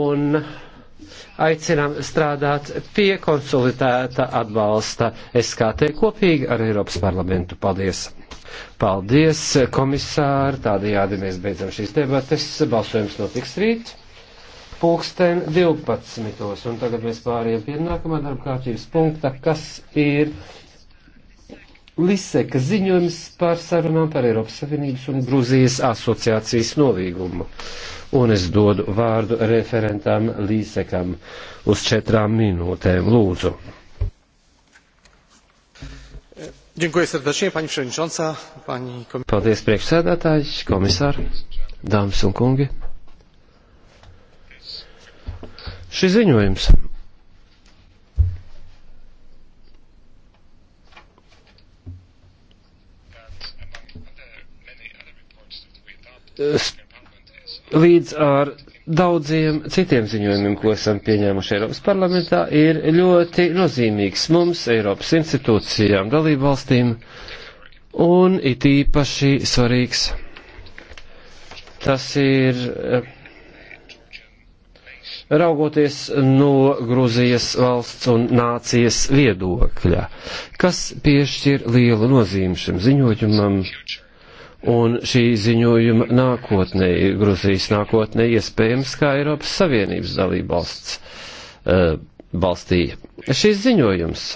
un aicinām strādāt pie konsolidēta atbalsta SKT kopīgi ar Eiropas parlamentu. Paldies! Paldies, komisāri! Tādējādi mēs beidzam šīs debates. Balsojums notiks rīt. Pulksten 12. Un tagad mēs pāriem pie nākamā darba kārtības punkta, kas ir. Liseka ziņojums par sarunām par Eiropas Savienības un Grūzijas asociācijas nolīgumu. Un es dodu vārdu referentam Lisekam uz četrām minūtēm. Lūdzu. Paldies priekšsēdētājs, komisāri, dāmas un kungi. Šis ziņojums līdz ar daudziem citiem ziņojumiem, ko esam pieņēmuši Eiropas parlamentā, ir ļoti nozīmīgs mums, Eiropas institūcijām, dalību valstīm, un it īpaši svarīgs tas ir eh, raugoties no Gruzijas valsts un nācijas viedokļa, kas piešķir lielu nozīmi šim ziņojumam. Future un šī ziņojuma nākotnē, Gruzijas nākotnē, iespējams, kā Eiropas Savienības dalībvalsts uh, valstī. Šis ziņojums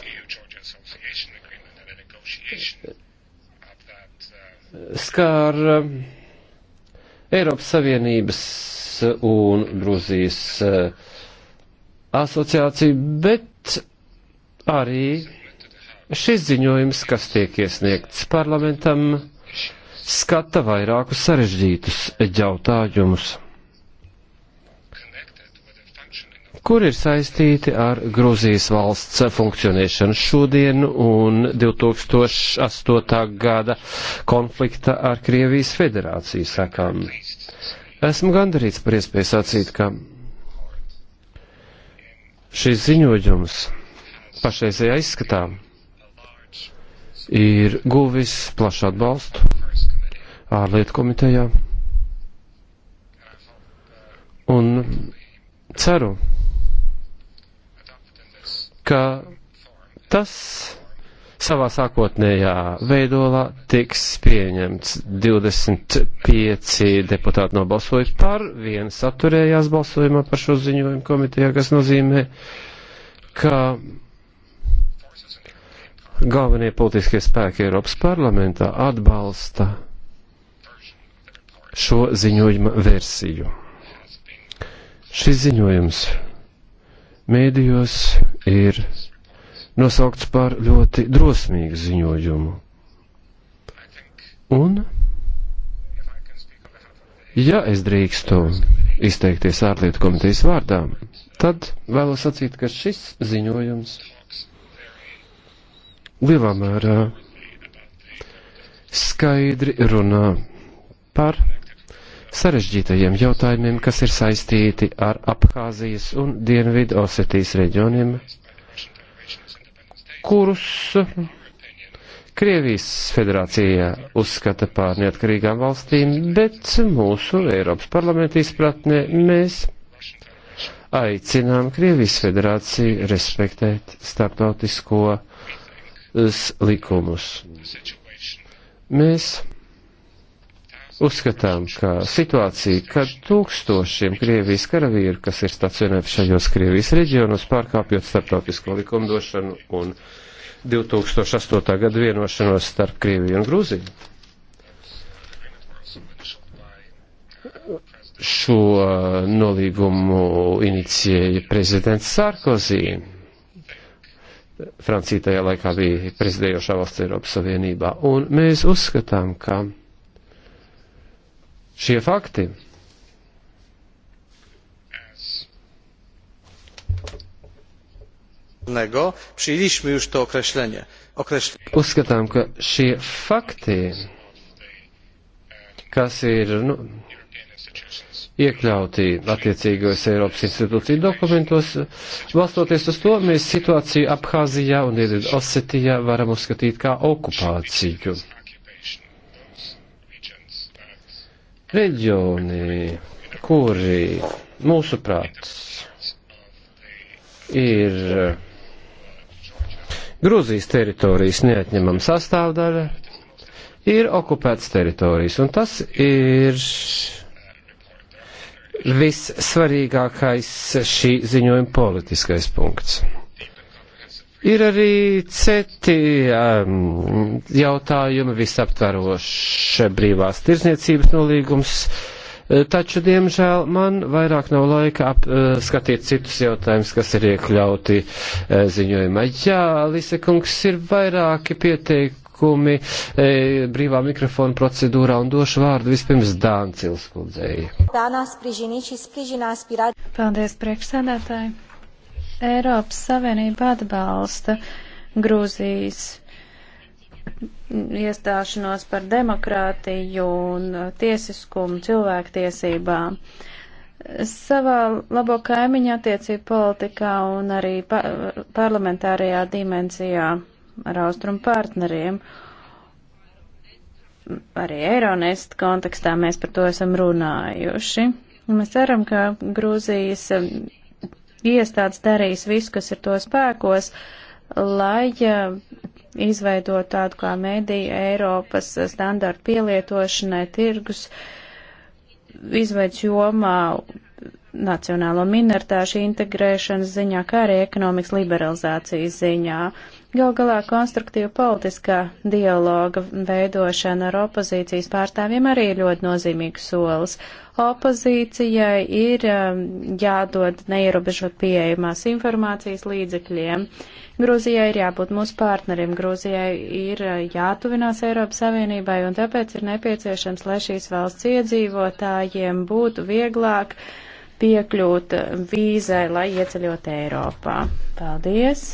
eh, skār eh, Eiropas Savienības un Gruzijas asociāciju, bet arī šis ziņojums, kas tiek iesniegts parlamentam, skata vairākus sarežģītus jautājumus, kur ir saistīti ar Grūzijas valsts funkcionēšanu šodien un 2008. gada konflikta ar Krievijas federāciju sakām. Esmu gandarīts par iespēju sacīt, ka šis ziņojums pašreizējā izskatā ir guvis plašu atbalstu ārlietu komitejā. Un ceru, ka tas savā sākotnējā veidolā tiks pieņemts. 25 deputāti nobalsoja par, viens atturējās balsojumā par šo ziņojumu komitejā, kas nozīmē, ka galvenie politiskie spēki Eiropas parlamentā atbalsta šo ziņojuma versiju. Šis ziņojums mēdījos ir nosaukts par ļoti drosmīgu ziņojumu. Un, ja es drīkstu izteikties ārlietu komitejas vārdā, tad vēlos sacīt, ka šis ziņojums lielā mērā skaidri runā par sarežģītajiem jautājumiem, kas ir saistīti ar Abhāzijas un Dienvidu Osetijas reģioniem, kurus Krievijas federācija uzskata par neatkarīgām valstīm, bet mūsu Eiropas parlamenta izpratnē mēs aicinām Krievijas federāciju respektēt starptautisko likumus. Mēs Uzskatām, ka situācija, kad tūkstošiem Krievijas karavīru, kas ir stacionēti šajos Krievijas reģionos, pārkāpjot starptautisko likumdošanu un 2008. gada vienošanos starp Krieviju un Grūziju, šo nolīgumu inicijēja prezidents Sarkozī. Francija tajā laikā bija prezidējošā valsts Eiropas Savienībā, un mēs uzskatām, ka Šie fakti prawnego przyjęliśmy już to określenie. Określ... Uzskatām, ka šie fakti, kas ir nu, iekļauti attiecīgos Eiropas institūciju dokumentos, balstoties uz to, mēs situāciju Abhāzijā un Osetijā varam uzskatīt kā okupāciju. Reģioni, kuri mūsuprāt ir Grūzijas teritorijas neatņemama sastāvdaļa, ir okupētas teritorijas, un tas ir vissvarīgākais šī ziņojuma politiskais punkts. Ir arī citi um, jautājumi, visaptvarošs brīvās tirzniecības nolīgums, eh, taču, diemžēl, man vairāk nav laika apskatīt eh, citus jautājumus, kas ir iekļauti eh, ziņojumā. Jā, Lise kungs, ir vairāki pieteikumi e, brīvā mikrofona procedūrā un došu vārdu vispirms Dāncils kundzei. Paldies, priekšsēdētāji! Eiropas Savienība atbalsta Grūzijas iestāšanos par demokrātiju un tiesiskumu cilvēktiesībām. Savā labo kaimiņa attiecību politikā un arī pa parlamentārajā dimensijā ar austrumu partneriem, arī Eironest kontekstā mēs par to esam runājuši. Mēs ceram, ka Grūzijas iestādes darīs visu, kas ir to spēkos, lai izveidot tādu kā mediju Eiropas standartu pielietošanai tirgus izveids jomā nacionālo minoritāšu integrēšanas ziņā, kā arī ekonomikas liberalizācijas ziņā. Uh, Gal galā konstruktīva politiskā dialoga veidošana ar opozīcijas pārstāvjiem arī ir ļoti nozīmīgs solis. Opozīcijai ir um, jādod neierobežot pieejamās informācijas līdzekļiem. Grūzijai ir jābūt mūsu partnerim, Grūzijai ir uh, jātuvinās Eiropas Savienībai, un tāpēc ir nepieciešams, lai šīs valsts iedzīvotājiem būtu vieglāk piekļūt vīzai, lai ieceļot Eiropā. Paldies!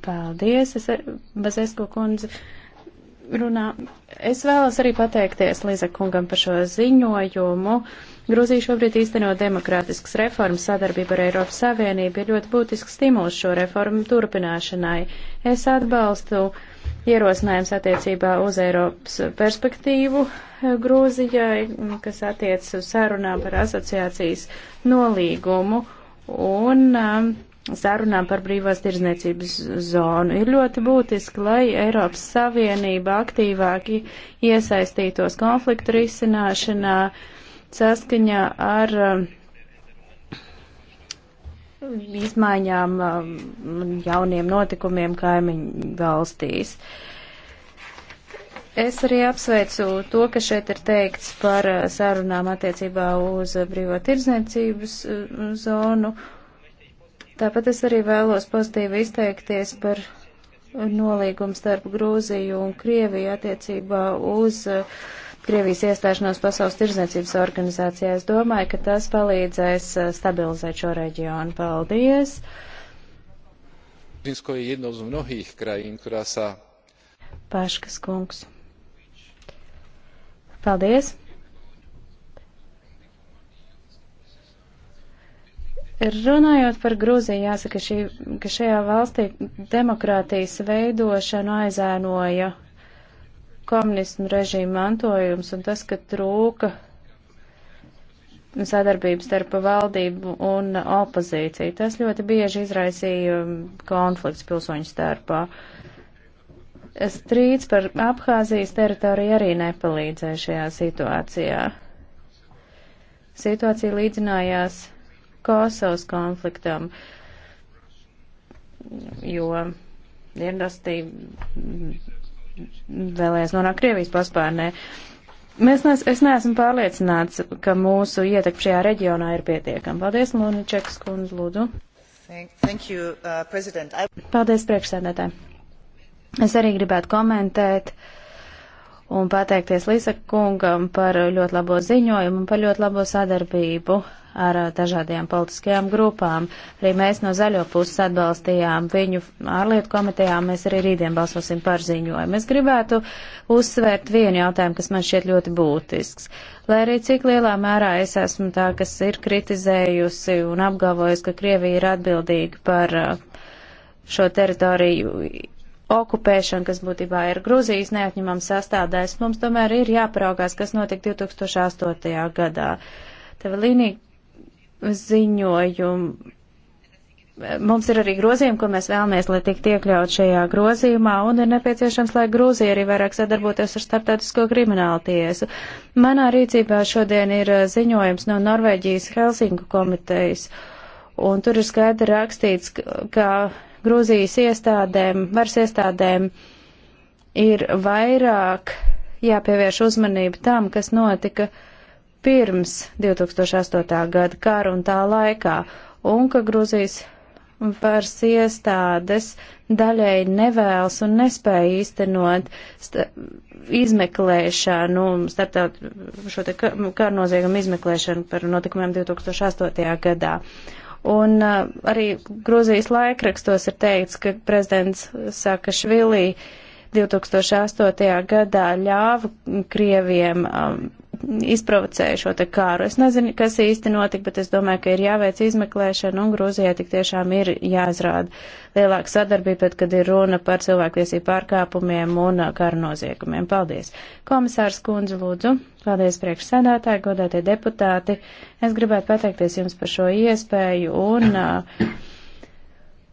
Paldies, es Bazesko kundze runā. Es vēlos arī pateikties Liza kungam par šo ziņojumu. Grūzija šobrīd īstenot demokrātiskas reformas sadarbība ar Eiropas Savienību ir ļoti būtisks stimuls šo reformu turpināšanai. Es atbalstu ierosinājums attiecībā uz Eiropas perspektīvu eh, Grūzijai, kas attiec uz sarunām par asociācijas nolīgumu. Un, um, sarunām par brīvās tirzniecības zonu. Ir ļoti būtiski, lai Eiropas Savienība aktīvāk iesaistītos konfliktu risināšanā saskaņā ar um, izmaiņām um, jauniem notikumiem kaimiņu valstīs. Es arī apsveicu to, ka šeit ir teikts par uh, sarunām attiecībā uz brīvo tirdzniecības uh, zonu Tāpat es arī vēlos pozitīvi izteikties par nolīgumu starp Grūziju un Krieviju attiecībā uz eh, Krievijas iestāšanos Pasaules tirzniecības organizācijā. Es domāju, ka tas palīdzēs eh, stabilizēt šo reģionu. Paldies! Gruzínsko je jednou z mnohých krajín, ktorá sa... Paškas kungs. Paldies! Runājot par Grūziju, jāsaka, šī, ka šajā valstī demokrātijas veidošanu aizēnoja komunismu režīmu mantojums un tas, ka trūka sadarbības starp valdību un opozīciju. Tas ļoti bieži izraisīja konflikts pilsoņu starpā. Strīds par Abhāzijas teritoriju arī nepalīdzēja šajā situācijā. Situācija līdzinājās Kosovas konfliktam, jo dienrastī vēlēs nonākt Krievijas paspārnē. Mēs nes, es neesmu pārliecināts, ka mūsu ietekme šajā reģionā ir pietiekama. Paldies, Luničekas kundze, lūdzu. Thank, thank you, uh, President. I... Paldies, priekšsēdētāji. Es arī gribētu komentēt un pateikties Līsaka kungam par ļoti labo ziņojumu un par ļoti labo sadarbību ar dažādajām politiskajām grupām. Arī mēs no zaļo puses atbalstījām viņu ārlietu komitejā, mēs arī rītdien balsosim par ziņojumu. Es gribētu uzsvērt vienu jautājumu, kas man šķiet ļoti būtisks. Lai arī cik lielā mērā es esmu tā, kas ir kritizējusi un apgalvojusi, ka Krievija ir atbildīga par šo teritoriju okupēšana, kas būtībā ir Gruzijas neatņemama sastāvdaļa, mums tomēr ir jāparaugās, kas notika 2008. gadā. Tev līnija ziņojumu. Mums ir arī grozījumi, ko mēs vēlamies, lai tiktu iekļaut šajā grozījumā, un ir nepieciešams, lai Grūzija arī vairāk sadarbotos ar starptautisko kriminālu tiesu. Manā rīcībā šodien ir eh, ziņojums no Norvēģijas Helsinku komitejas, un tur ir skaidri rakstīts, ka Grūzijas iestādēm, varas iestādēm ir vairāk jāpievērš uzmanība tam, kas notika uh, pirms 2008. gada kara un tā laikā, un ka Gruzijas varas iestādes daļai nevēlas un nespēja īstenot sta izmeklēšanu, starptaut šo te kārnoziegumu izmeklēšanu par notikumiem 2008. gadā. Un uh, arī Grūzijas laikrakstos ir teikts, ka prezidents Sakašvilī 2008. gadā ļāva Krieviem um, izprovocēja šo te kāru. Es nezinu, kas īsti notika, bet es domāju, ka ir jāveic izmeklēšana un Grūzijai tik tiešām ir jāizrāda lielāka sadarbība, bet, kad ir runa par cilvēktiesību pārkāpumiem un uh, kara noziegumiem. Paldies. Komisārs Kundze, lūdzu. Paldies priekšsēdētāji, godātie deputāti. Es gribētu pateikties jums par šo iespēju un uh,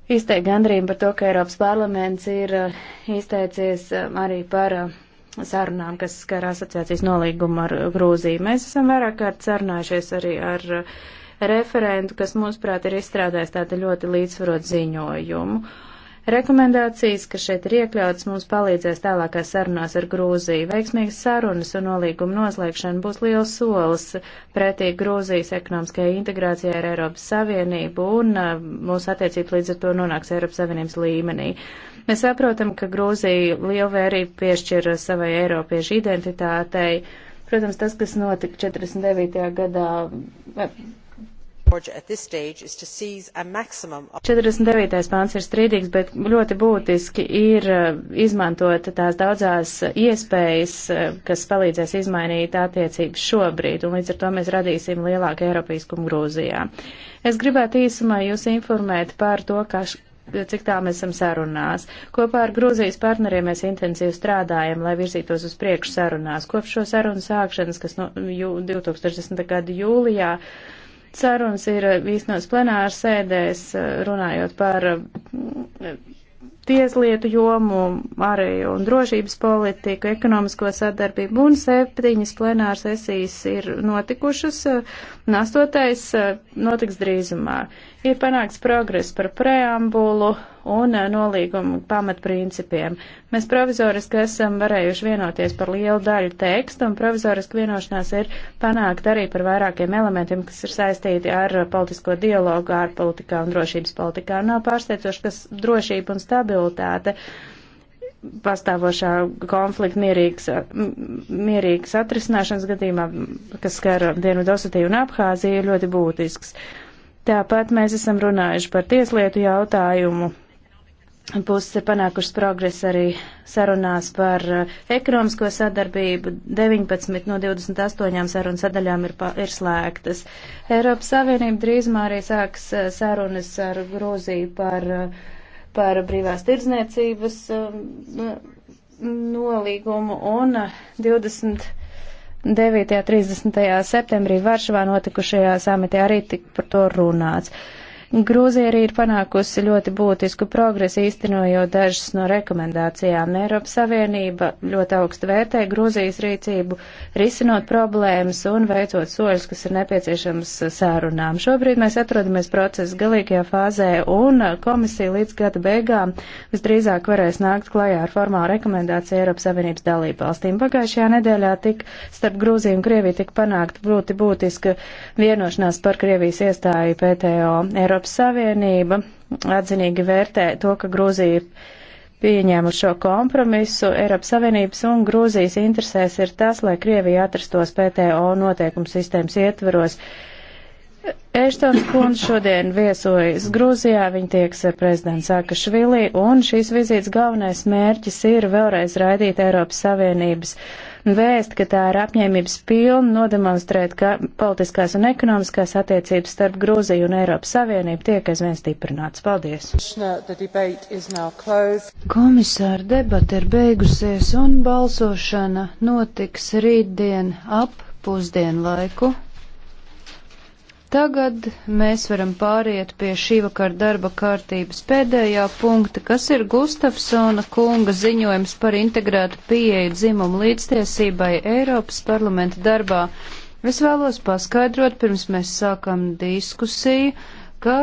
izteikt gandrību par to, ka Eiropas parlaments ir uh, izteicies uh, arī par. Uh, sarunām, kas skar asociācijas nolīgumu ar Grūziju. Mēs esam vairāk kārt sarunājušies arī ar referentu, kas, mūsuprāt, ir izstrādājis tādu ļoti līdzsvarot ziņojumu. Rekomendācijas, kas šeit ir iekļautas, mums palīdzēs tālākās sarunās ar Grūziju. Veiksmīgas sarunas un nolīguma noslēgšana būs liels solis pretī Grūzijas ekonomiskajai integrācijai ar Eiropas Savienību un uh, mūsu attiecības līdz ar to nonāks Eiropas Savienības līmenī. Mēs saprotam, ka Grūzija lielu vērību piešķir savai Eiropiešu identitātei. Protams, tas, kas notika 49. gadā, 49. pāns ir strīdīgs, bet ļoti būtiski ir eh, izmantot tās daudzās eh, iespējas, eh, kas palīdzēs izmainīt attiecības šobrīd, un līdz ar to mēs radīsim lielāku Eiropiskumu Grūzijā. Es gribētu īsumā jūs informēt par to, kā, cik tā mēs esam sarunās. Kopā ar Grūzijas partneriem mēs intensīvi strādājam, lai virzītos uz priekšu sarunās. Kopš šo sarunu sākšanas, kas no 2010. gada jūlijā, Sarunas ir īstenos eh, plenāru sēdēs, eh, runājot par eh, tieslietu jomu, ārējo un drošības politiku, ekonomisko sadarbību un septiņas plenāru sesijas ir notikušas Un astotais eh, notiks drīzumā. Ir panāks progress par preambulu un eh, nolīgumu pamatprincipiem. Mēs provizoriski esam varējuši vienoties par lielu daļu tekstu, un provizoriski vienošanās ir panākt arī par vairākiem elementiem, kas ir saistīti ar eh, politisko dialogu, ārpolitikā un drošības politikā. Nav pārsteidzoši, kas drošība un stabilitāte. Uh, pastāvošā konflikta mierīgs, mierīgs atrisināšanas gadījumā, kas skar Dienvidosetiju un Abhāziju, ir ļoti būtisks. Tāpat mēs esam runājuši par tieslietu jautājumu. Puses ir panākušas progresu arī sarunās par eh, ekonomisko sadarbību. 19 no 28 sarunu sadaļām ir, pa, ir slēgtas. Eiropas Savienība drīzumā arī sāks eh, sarunas ar Grūziju par uh, par brīvās tirdzniecības um, nolīgumu un 20. 9. un 30. septembrī Varšavā notikušajā samitē arī tik par to runāts. Uh, Grūzija arī ir panākusi ļoti būtisku progresu īstenojot dažas no rekomendācijām. Eiropas Savienība ļoti augstu vērtē Grūzijas rīcību, risinot problēmas un veicot soļus, kas ir nepieciešams sārunām. Šobrīd mēs atrodamies procesa galīgajā fāzē un komisija līdz gada beigām visdrīzāk varēs nākt klajā ar formālu rekomendāciju Eiropas Savienības dalību valstīm. Pagājušajā nedēļā tik starp Grūziju un Krieviju tika panākt ļoti būtiska vienošanās par Krievijas iestāju PTO. Eiropas Eiropas Savienība atzinīgi vērtē to, ka Grūzija pieņēmu šo kompromisu. Eiropas Savienības un Grūzijas interesēs ir tas, lai Krievija atrastos PTO noteikumu sistēmas ietveros Eštons kundze šodien viesojas Grūzijā, viņa tieks ar eh, prezidentu Sakašvili, un šīs vizītes galvenais mērķis ir vēlreiz raidīt Eiropas Savienības vēst, ka tā ir apņēmības pilna nodemonstrēt, ka politiskās un ekonomiskās attiecības starp Grūziju un Eiropas Savienību tiek aizvien stiprināts. Paldies! Komisāra debata ir beigusies, un balsošana notiks rītdien ap pusdienlaiku. Tagad mēs varam pāriet pie šī vakar darba kārtības pēdējā punkta, kas ir Gustafsona kunga ziņojums par integrētu pieeju dzimumu līdztiesībai Eiropas parlamenta darbā. Es vēlos paskaidrot, pirms mēs sākam diskusiju,